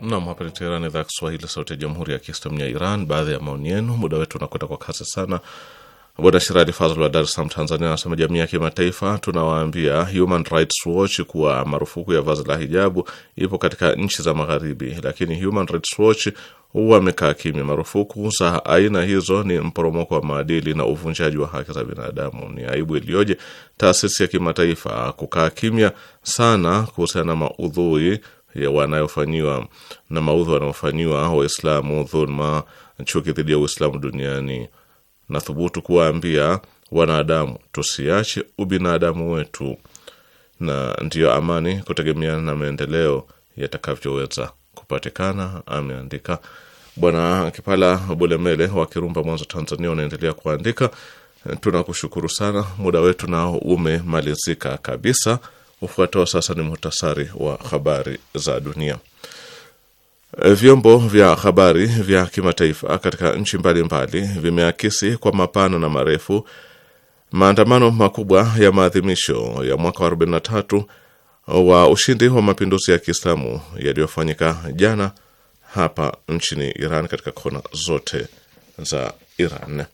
Nam, hapa ni Teherani, idhaa ya Kiswahili, sauti ya jamhuri ya kiislamu ya Iran. Baadhi ya maoni yenu, muda wetu unakwenda kwa kasi sana. Bwana Shirali Fazl wa Dar es Salaam, Tanzania, anasema jamii ya kimataifa, tunawaambia Human Rights Watch kuwa marufuku ya vazi la hijabu ipo katika nchi za Magharibi, lakini Human Rights Watch wamekaa kimya. Marufuku za aina hizo ni mporomoko wa maadili na uvunjaji wa haki za binadamu. Ni aibu iliyoje taasisi ya kimataifa kukaa kimya sana kuhusiana na maudhui wanayofanyiwa na maudhui wanayofanyiwa Waislamu, dhulma, chuki dhidi ya Uislamu duniani nathubutu kuwaambia wanadamu, tusiache ubinadamu wetu, na ndiyo amani kutegemeana na maendeleo yatakavyoweza kupatikana, ameandika Bwana Kipala Bulemele wa Kirumba, Mwanza, Tanzania. Unaendelea kuandika, tunakushukuru sana, muda wetu nao umemalizika kabisa. Ufuatao sasa ni muhtasari wa habari za dunia. Eh, vyombo vya habari vya kimataifa katika nchi mbalimbali vimeakisi kwa mapana na marefu maandamano makubwa ya maadhimisho ya mwaka wa 43 wa ushindi wa mapinduzi ya Kiislamu yaliyofanyika jana hapa nchini Iran katika kona zote za Iran.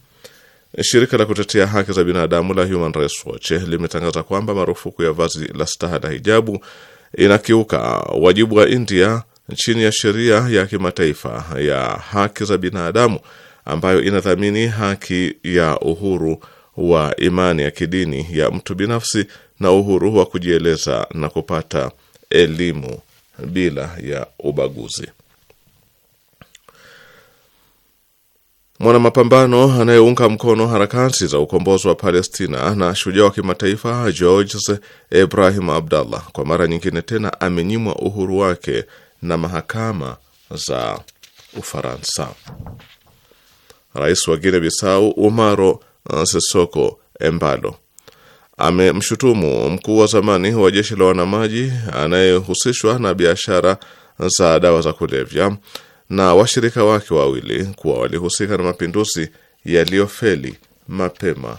Shirika la kutetea haki za binadamu la Human Rights Watch limetangaza kwamba marufuku ya vazi la staha la hijabu inakiuka wajibu wa India chini ya sheria ya kimataifa ya haki za binadamu ambayo inadhamini haki ya uhuru wa imani ya kidini ya mtu binafsi na uhuru wa kujieleza na kupata elimu bila ya ubaguzi. Mwanamapambano anayeunga mkono harakati za ukombozi wa Palestina na shujaa wa kimataifa George Ibrahim Abdallah kwa mara nyingine tena amenyimwa uhuru wake na mahakama za Ufaransa. Rais wa Guinea Bissau Umaro Sesoko Embalo amemshutumu mkuu wa zamani wa jeshi la wanamaji anayehusishwa na biashara za dawa za kulevya na washirika wake wawili kuwa walihusika na mapinduzi yaliyofeli mapema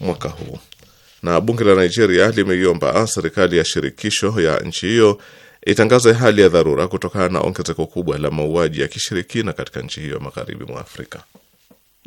mwaka huu. Na bunge la Nigeria limeiomba serikali ya shirikisho ya nchi hiyo itangaze hali ya dharura kutokana na ongezeko kubwa la mauaji ya kishirikina katika nchi hiyo magharibi mwa Afrika.